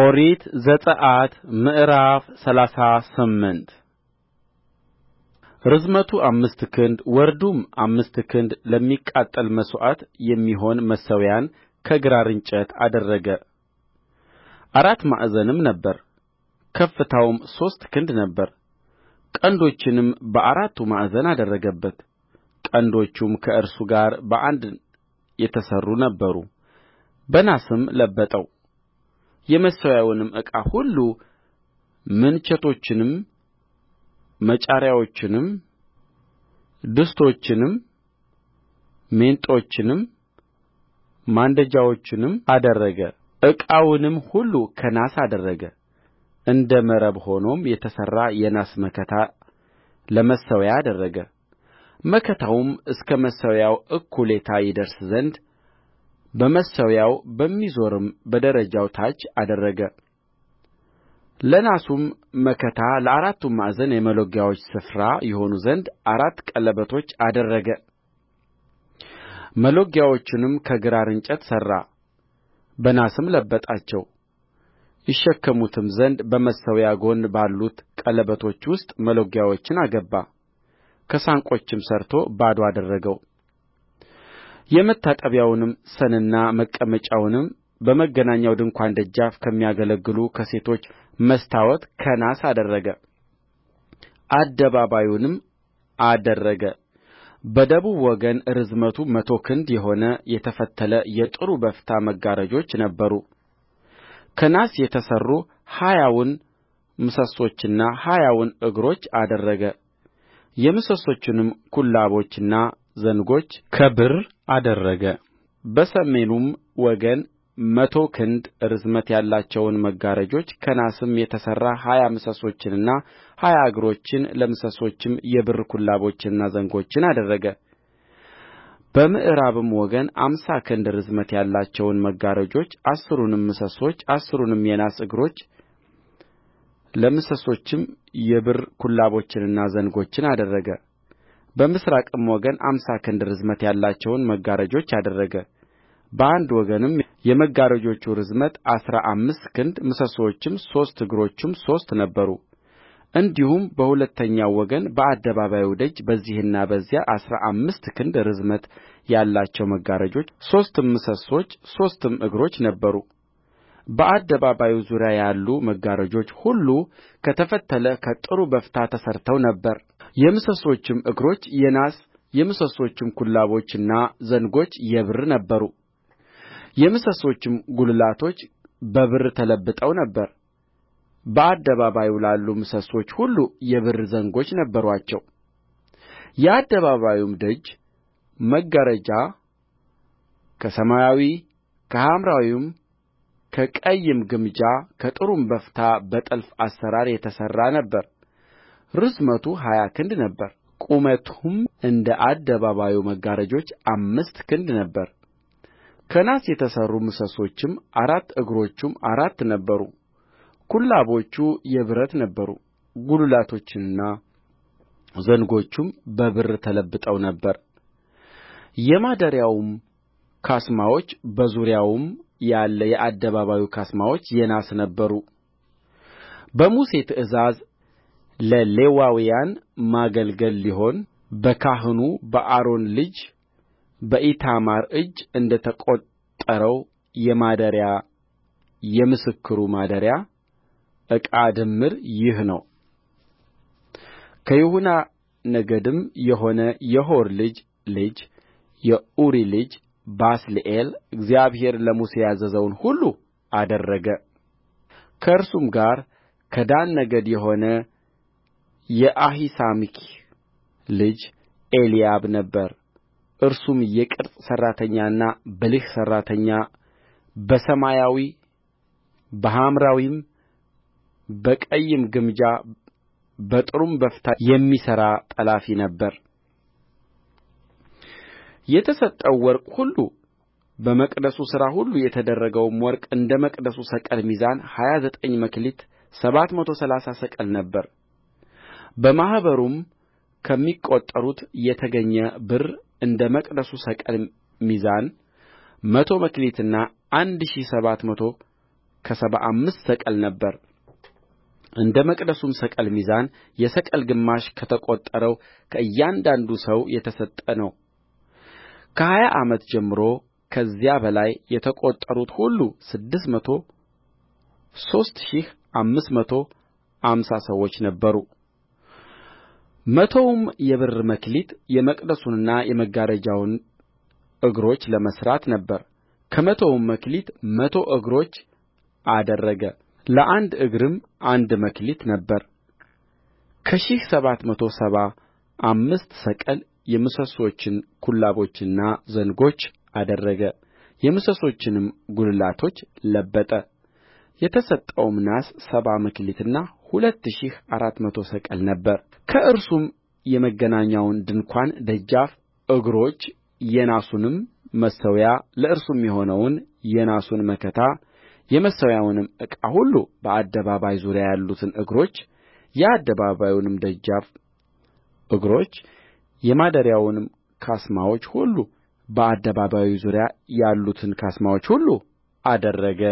ኦሪት ዘጽአት ምዕራፍ ሰላሳ ስምንት ርዝመቱ አምስት ክንድ ወርዱም አምስት ክንድ ለሚቃጠል መሥዋዕት የሚሆን መሠዊያን ከግራር እንጨት አደረገ። አራት ማዕዘንም ነበር፣ ከፍታውም ሦስት ክንድ ነበር። ቀንዶችንም በአራቱ ማዕዘን አደረገበት። ቀንዶቹም ከእርሱ ጋር በአንድ የተሠሩ ነበሩ፣ በናስም ለበጠው። የመሠዊያውንም ዕቃ ሁሉ ምንቸቶቹንም መጫሪያዎቹንም ድስቶቹንም ሜንጦቹንም ማንደጃዎቹንም አደረገ ዕቃውንም ሁሉ ከናስ አደረገ እንደ መረብ ሆኖም የተሠራ የናስ መከታ ለመሠዊያ አደረገ መከታውም እስከ መሠዊያው እኩሌታ ይደርስ ዘንድ በመሠዊያው በሚዞርም በደረጃው ታች አደረገ ለናሱም መከታ ለአራቱ ማዕዘን የመሎጊያዎች ስፍራ ይሆኑ ዘንድ አራት ቀለበቶች አደረገ መሎጊያዎቹንም ከግራር እንጨት ሠራ በናስም ለበጣቸው ይሸከሙትም ዘንድ በመሠዊያው ጎን ባሉት ቀለበቶች ውስጥ መሎጊያዎችን አገባ ከሳንቆችም ሠርቶ ባዶ አደረገው የመታጠቢያውንም ሰንና መቀመጫውንም በመገናኛው ድንኳን ደጃፍ ከሚያገለግሉ ከሴቶች መስተዋት ከናስ አደረገ አደባባዩንም አደረገ በደቡብ ወገን ርዝመቱ መቶ ክንድ የሆነ የተፈተለ የጥሩ በፍታ መጋረጆች ነበሩ ከናስ የተሠሩ ሀያውን ምሰሶችና ሀያውን እግሮች አደረገ የምሰሶቹንም ኩላቦችና ዘንጎች ከብር አደረገ በሰሜኑም ወገን መቶ ክንድ ርዝመት ያላቸውን መጋረጆች ከናስም የተሠራ ሀያ ምሰሶችንና ሀያ እግሮችን ለምሰሶቹም የብር ኩላቦችንና ዘንጎችን አደረገ በምዕራብም ወገን አምሳ ክንድ ርዝመት ያላቸውን መጋረጆች አሥሩንም ምሰሶች አሥሩንም የናስ እግሮች ለምሰሶቹም የብር ኩላቦችንና ዘንጎችን አደረገ በምሥራቅም ወገን አምሳ ክንድ ርዝመት ያላቸውን መጋረጆች አደረገ በአንድ ወገንም የመጋረጆቹ ርዝመት አሥራ አምስት ክንድ ምሰሶቹም ሦስት እግሮቹም ሦስት ነበሩ እንዲሁም በሁለተኛው ወገን በአደባባዩ ደጅ በዚህና በዚያ አሥራ አምስት ክንድ ርዝመት ያላቸው መጋረጆች ሦስትም ምሰሶች ሦስትም እግሮች ነበሩ በአደባባዩ ዙሪያ ያሉ መጋረጆች ሁሉ ከተፈተለ ከጥሩ በፍታ ተሠርተው ነበር የምሰሶቹም እግሮች የናስ የምሰሶቹም ኩላቦችና ዘንጎች የብር ነበሩ የምሰሶቹም ጕልላቶች በብር ተለብጠው ነበር በአደባባዩ ላሉ ምሰሶች ሁሉ የብር ዘንጎች ነበሩአቸው የአደባባዩም ደጅ መጋረጃ ከሰማያዊ ከሐምራዊም ከቀይም ግምጃ ከጥሩም በፍታ በጥልፍ አሠራር የተሠራ ነበረ ርዝመቱ ሀያ ክንድ ነበረ ቁመቱም እንደ አደባባዩ መጋረጆች አምስት ክንድ ነበረ ከናስ የተሠሩ ምሰሶችም አራት እግሮቹም አራት ነበሩ ኩላቦቹ የብረት ነበሩ ጕልላቶቹና ዘንጎቹም በብር ተለብጠው ነበር የማደሪያውም ካስማዎች በዙሪያውም ያለ የአደባባዩ ካስማዎች የናስ ነበሩ በሙሴ ትእዛዝ ለሌዋውያን ማገልገል ሊሆን በካህኑ በአሮን ልጅ በኢታማር እጅ እንደ ተቈጠረው የማደሪያ የምስክሩ ማደሪያ ዕቃ ድምር ይህ ነው ከይሁዳ ነገድም የሆነ የሆር ልጅ ልጅ የኡሪ ልጅ ባስልኤል እግዚአብሔር ለሙሴ ያዘዘውን ሁሉ አደረገ ከእርሱም ጋር ከዳን ነገድ የሆነ የአሂሳሚክ ልጅ ኤልያብ ነበረ እርሱም የቅርጽ ሠራተኛና ብልህ ሠራተኛ በሰማያዊ በሐምራዊም በቀይም ግምጃ በጥሩም በፍታ የሚሠራ ጠላፊ ነበረ የተሰጠው ወርቅ ሁሉ በመቅደሱ ሥራ ሁሉ የተደረገውም ወርቅ እንደ መቅደሱ ሰቅል ሚዛን ሀያ ዘጠኝ መክሊት ሰባት መቶ ሠላሳ ሰቅል ነበረ በማኅበሩም ከሚቈጠሩት የተገኘ ብር እንደ መቅደሱ ሰቅል ሚዛን መቶ መክሊትና አንድ ሺህ ሰባት መቶ ከሰባ አምስት ሰቅል ነበረ እንደ መቅደሱም ሰቅል ሚዛን የሰቅል ግማሽ ከተቈጠረው ከእያንዳንዱ ሰው የተሰጠ ነው ከሀያ ዓመት ጀምሮ ከዚያ በላይ የተቈጠሩት ሁሉ ስድስት መቶ ሦስት ሺህ አምስት መቶ አምሳ ሰዎች ነበሩ መቶውም የብር መክሊት የመቅደሱንና የመጋረጃውን እግሮች ለመሥራት ነበረ ከመቶውም መክሊት መቶ እግሮች አደረገ ለአንድ እግርም አንድ መክሊት ነበረ ከሺህ ሰባት መቶ ሰባ አምስት ሰቅል የምሰሶችን ኩላቦችና ዘንጎች አደረገ የምሰሶችንም ጕልላቶች ለበጠ የተሰጠውም ናስ ሰባ መክሊትና ሁለት ሺህ አራት መቶ ሰቅል ነበረ ከእርሱም የመገናኛውን ድንኳን ደጃፍ እግሮች የናሱንም መሠዊያ ለእርሱም የሆነውን የናሱን መከታ የመሠዊያውንም ዕቃ ሁሉ በአደባባዩ ዙሪያ ያሉትን እግሮች የአደባባዩንም ደጃፍ እግሮች የማደሪያውንም ካስማዎች ሁሉ በአደባባዩ ዙሪያ ያሉትን ካስማዎች ሁሉ አደረገ